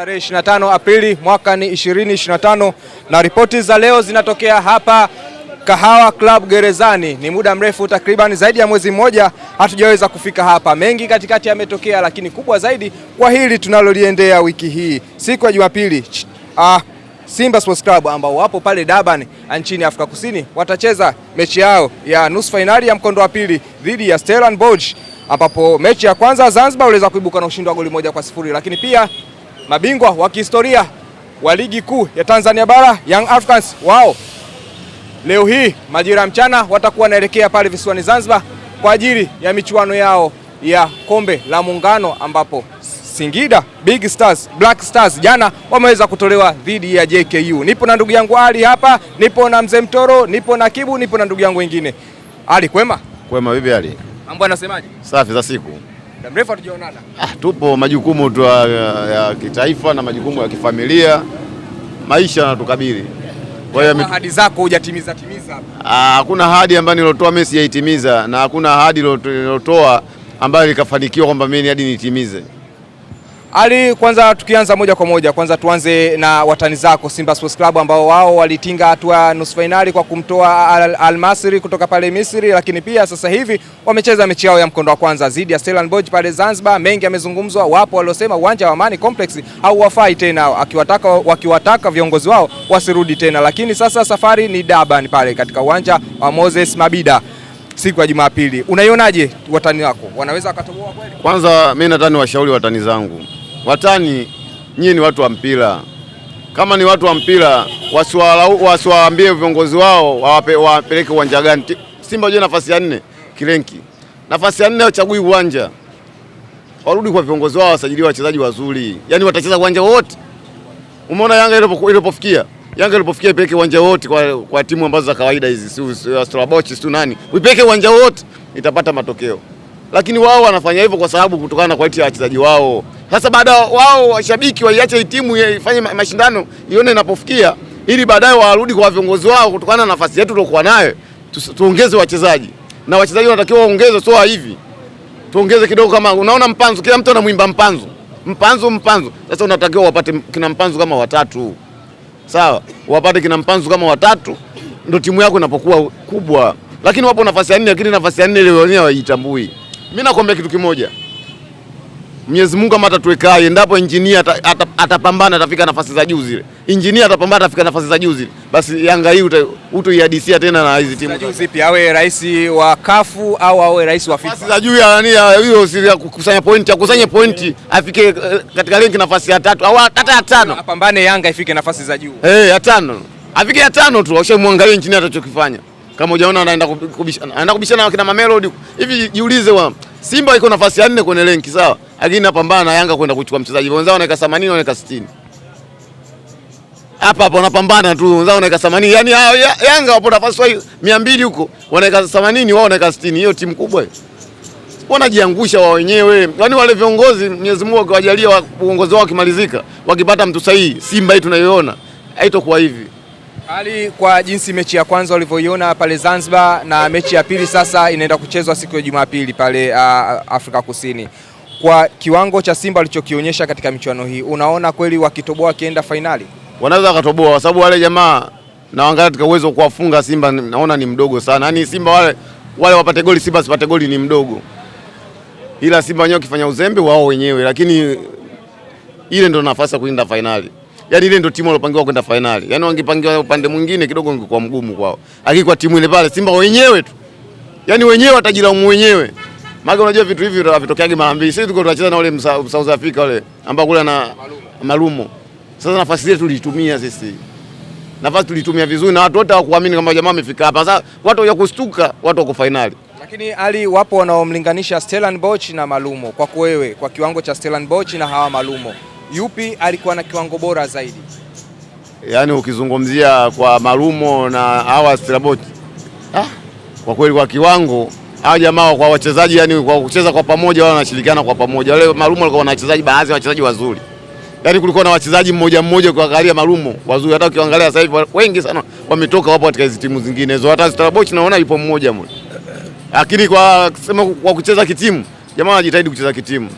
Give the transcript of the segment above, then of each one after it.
Tarehe 25 Aprili mwaka ni 2025 na ripoti za leo zinatokea hapa Kahawa Club gerezani. Ni muda mrefu, takriban zaidi ya mwezi mmoja hatujaweza kufika hapa. Mengi katikati yametokea, lakini kubwa zaidi kwa hili tunaloliendea wiki hii, siku ya Jumapili ah, Simba Sports Club ambao wapo pale Durban ah, nchini Afrika Kusini watacheza mechi yao ya nusu fainali ya mkondo wa pili dhidi ya Stellenbosch, ambapo mechi ya kwanza Zanzibar waliweza kuibuka na ushindi wa goli moja kwa sifuri, lakini pia mabingwa wa kihistoria wa ligi kuu ya Tanzania bara Young Africans wao leo hii majira ya mchana watakuwa wanaelekea pale visiwani Zanzibar kwa ajili ya michuano yao ya kombe la Muungano, ambapo Singida Big Stars, Black Stars jana wameweza kutolewa dhidi ya JKU. Nipo na ndugu yangu Ali hapa, nipo na mzee Mtoro, nipo na Kibu, nipo na ndugu yangu wengine. Ali, kwema? Kwema vipi Ali? Mambo anasemaje? Safi za siku muda mrefu hatujaonana. Ah, tupo majukumu tu ya, ya kitaifa na majukumu ya kifamilia, maisha yanatukabili. Kwa hiyo ahadi zako hujatimiza timiza hapa. Ah, hakuna ahadi ambayo nilotoa mimi sijaitimiza na hakuna ahadi nilotoa ambayo likafanikiwa kwamba mimi hadi nitimize. Ali, kwanza tukianza moja kwa moja, kwanza tuanze na watani zako Simba Sports Club ambao wao walitinga hatua nusu fainali kwa kumtoa Al, Al kutoka pale Misri, lakini pia sasa hivi wamecheza mechi yao ya mkondo wa kwanza dhidi ya Stellenbosch pale Zanzibar. Mengi yamezungumzwa, wapo waliosema uwanja wa Amani Complex hauwafai tena, akiwataka wakiwataka viongozi wao wasirudi tena, lakini sasa safari ni Durban pale katika uwanja wa Moses Mabida siku ya Jumapili. Unaionaje watani wako wanaweza wakatoboa kweli? Kwanza mimi nadhani washauri watani zangu watani, nyinyi ni watu wa mpira. Kama ni watu wa mpira, wasiwaambie viongozi wao wapeleke uwanja gani. Simba jua nafasi ya nne kirenki, nafasi ya nne wachagui uwanja, warudi kwa viongozi wao, wasajiliwe wachezaji wazuri, yaani watacheza uwanja wote. Umeona Yanga ilipofikia Yanga ilipofikia ipeleke uwanja wote kwa, kwa timu ambazo za kawaida hizi si Astrabochi si nani, uipeleke uwanja wote itapata matokeo, lakini wao wanafanya hivyo kwa sababu kutokana na quality ya wachezaji wao sasa baada wao washabiki waiache timu ifanye mashindano ione inapofikia, ili baadaye warudi kwa viongozi wao, kutokana na nafasi yetu tulokuwa nayo tuongeze wachezaji na wachezaji wanatakiwa waongeze, sio hivi tuongeze kidogo. Kama unaona mpanzo, kila mtu anamwimba mpanzo mpanzo mpanzo. Sasa unatakiwa wapate kina mpanzo kama watatu, sawa, wapate kina mpanzo kama watatu, ndio timu yako inapokuwa kubwa. Lakini wapo nafasi ya nne, lakini nafasi ya nne ile wenyewe hawaitambui. Mimi nakwambia kitu kimoja. Mwenyezi Mungu kama atatuwekaye, endapo injinia atapambana atafika nafasi za juu zile, injinia atapambana atafika nafasi za juu zile, basi Yanga hii utoihadisia tena na hizi timu juu. zipi, awe rais wa kafu au awe rais wa FIFA nafasi za juu ya nani hiyo, si kukusanya pointi, akusanye pointi, afike eh, katika renki nafasi ya tatu au hata ya tano, apambane Yanga ifike nafasi za juu eh, ya tano, afike ya tano tu, washe muangalie injinia atachokifanya. Kama hujaona anaenda kubishana, anaenda kubishana na kina Mamelodi hivi, jiulize wa Simba iko nafasi ya nne kwenye renki, sawa lakini napambana na Yanga kwenda kuchukua mchezaji. Wenzao wanaweka 80 wanaweka 60. Hapa hapa wanapambana tu, wenzao wanaweka 80. Yaani Yanga wapo nafasi wa wao 200 huko, wanaweka 80, wao wanaweka 60. Hiyo timu kubwa hiyo. Wanajiangusha wao wenyewe. Yaani wale viongozi Mwenyezi Mungu akiwajalia uongozi wao ukimalizika, wakipata mtu sahihi, Simba hii tunayoiona haitokuwa hivi. Ali, kwa jinsi mechi ya kwanza walivyoiona pale Zanzibar na mechi ya pili sasa inaenda kuchezwa siku ya Jumapili pale uh, Afrika Kusini kwa kiwango cha Simba alichokionyesha katika michuano hii, unaona kweli wakitoboa wakienda fainali wanaweza wakatoboa, kwa sababu wale jamaa naangalia katika uwezo kuwafunga Simba naona ni mdogo sana. Yaani Simba wale wale wapate goli, Simba sipate goli ni mdogo, ila Simba wenyewe wakifanya uzembe wao wenyewe, lakini ile ndo nafasi ya kuenda fainali. Yaani ile ndo timu waliopangiwa kwenda fainali. Yaani wangepangiwa upande mwingine kidogo ingekuwa mgumu kwao, lakini kwa timu ile pale Simba wenyewe tu, yaani wenyewe watajilaumu wenyewe. Maana unajua vitu hivi vitokeagi mara mbili. Sisi tuko tunacheza na ule South Africa ule ambao kule na Malumo. Sasa nafasi ile tulitumia sisi. Nafasi tulitumia vizuri na watu wote hawakuamini kama jamaa amefika hapa. Sasa watu ya kustuka, watu wako finali. Lakini ali wapo wanaomlinganisha Stellenbosch na Malumo. Kwa kuwewe kwa kiwango cha Stellenbosch na hawa Malumo. Yupi alikuwa na kiwango bora zaidi? Yaani ukizungumzia kwa Malumo na hawa Stellenbosch. Ah, kwa kweli kwa kiwango hawa jamaa kwa wachezaji, yani kwa kucheza kwa pamoja, wao wanashirikiana kwa pamoja. Wale Marumo walikuwa na wachezaji baadhi ya wachezaji wazuri, yani kulikuwa na wachezaji mmoja mmoja ukiangalia Marumo wazuri, hata ukiangalia sasa hivi wengi sana wametoka, wapo katika hizo timu zingine hizo, hata Stellenbosch naona yupo mmoja mmoja, lakini kwa sema kwa kucheza kitimu, jamaa wanajitahidi kucheza kitimu.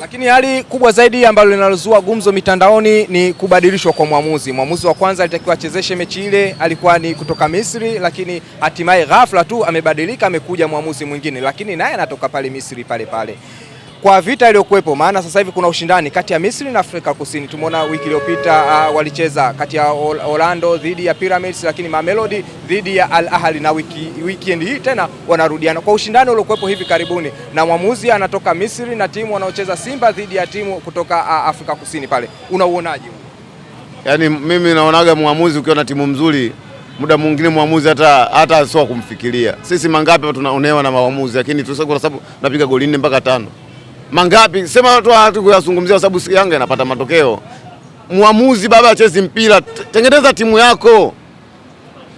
Lakini hali kubwa zaidi ambalo linalozua gumzo mitandaoni ni kubadilishwa kwa mwamuzi. Mwamuzi wa kwanza alitakiwa achezeshe mechi ile alikuwa ni kutoka Misri, lakini hatimaye ghafla tu amebadilika, amekuja mwamuzi mwingine, lakini naye anatoka pale Misri pale pale kwa vita iliyokuwepo, maana sasa hivi kuna ushindani kati ya Misri na Afrika Kusini. Tumeona wiki iliyopita uh, walicheza kati ya Orlando dhidi ya Pyramids, lakini Mamelodi dhidi ya Al Ahli, na wiki, weekend hii tena wanarudiana kwa ushindani uliokuwepo hivi karibuni, na mwamuzi anatoka Misri na timu wanaocheza Simba dhidi ya timu kutoka uh, Afrika Kusini pale. Unauonaje? Yaani mimi naonaga mwamuzi, ukiona timu mzuri muda mwingine mwamuzi hata hata sio kumfikiria. Sisi mangapi tunaonewa na mwamuzi, lakini kwa sababu napiga goli nne mpaka tano mangapi, sema watu watu kuyazungumzia kwa sababu Yanga inapata matokeo. Mwamuzi baba achezi mpira, tengeneza timu yako,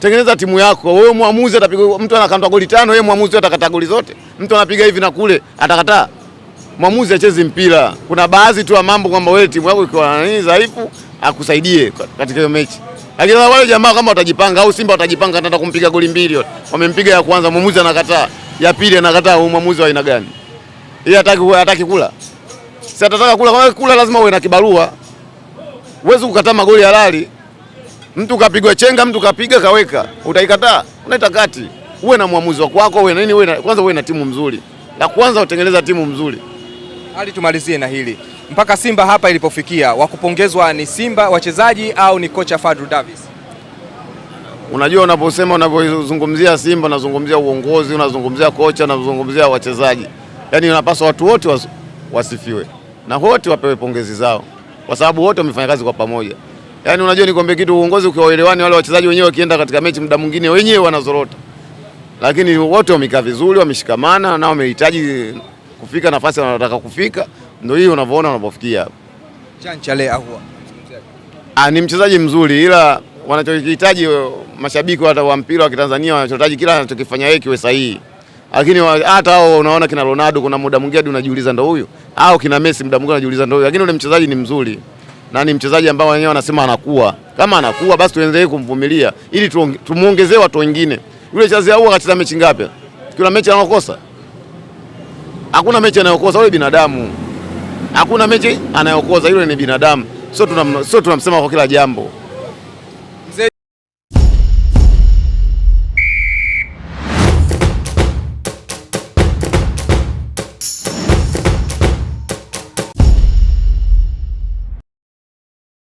tengeneza timu yako wewe. Mwamuzi atapiga mtu anakata goli tano, yeye mwamuzi atakata goli zote. Mtu anapiga hivi na kule, atakataa. Mwamuzi achezi mpira. Kuna baadhi tu ya mambo kwamba wewe timu yako iko nini dhaifu akusaidie katika hiyo mechi, lakini wale jamaa kama watajipanga, au Simba watajipanga, ataenda kumpiga goli mbili, wamempiga ya kwanza, mwamuzi anakataa, ya pili anakataa. Mwamuzi wa aina gani? yeye hataki hataki kula. Si atataka kula, kwa kula lazima uwe na kibarua. uwezi kukataa magoli halali. Mtu kapigwa chenga, mtu kapiga kaweka. Utaikataa? Unaita kati. Uwe na mwamuzi wako wako, uwe na nini, uwe na kwanza uwe na timu mzuri. La kwanza utengeneza timu mzuri. Hadi tumalizie na hili. Mpaka Simba hapa ilipofikia, wakupongezwa ni Simba wachezaji au ni kocha Fadru Davis? Unajua, unaposema unavyozungumzia Simba unazungumzia uongozi, unazungumzia kocha, unazungumzia wachezaji. Yaani inapaswa watu wote wasifiwe na wote wapewe pongezi zao, kwa sababu wote wamefanya kazi kwa pamoja. Yaani unajua nikwambie kitu, uongozi ukiwaelewani, wale wachezaji wenyewe wakienda katika mechi, muda mwingine wenyewe wanazorota, lakini wote wamekaa vizuri, wameshikamana na wamehitaji kufika nafasi wanataka kufika, ndio hiyo unavyoona wanapofikia hapo. Chanchale ahua Ah, ni mchezaji mzuri ila wanachokihitaji mashabiki wa mpira wa Kitanzania wanachohitaji kila anachokifanya yeye kiwe sahihi. Lakini hata hao unaona kina Ronaldo kuna muda mwingine hadi unajiuliza ndo huyu, au ah, kina Messi muda mwingine unajiuliza ndo huyu. Lakini ule mchezaji ni mzuri na ni mchezaji ambao wenyewe wanasema anakuwa. Kama anakuwa basi tuendelee kumvumilia ili tumuongezee watu wengine. Yule chazi au akacheza mechi ngapi? Kuna mechi anakosa? Hakuna mechi anayokosa yule binadamu. Hakuna mechi anayokosa yule ni binadamu. Sio tunam, sio tunamsema kwa kila jambo.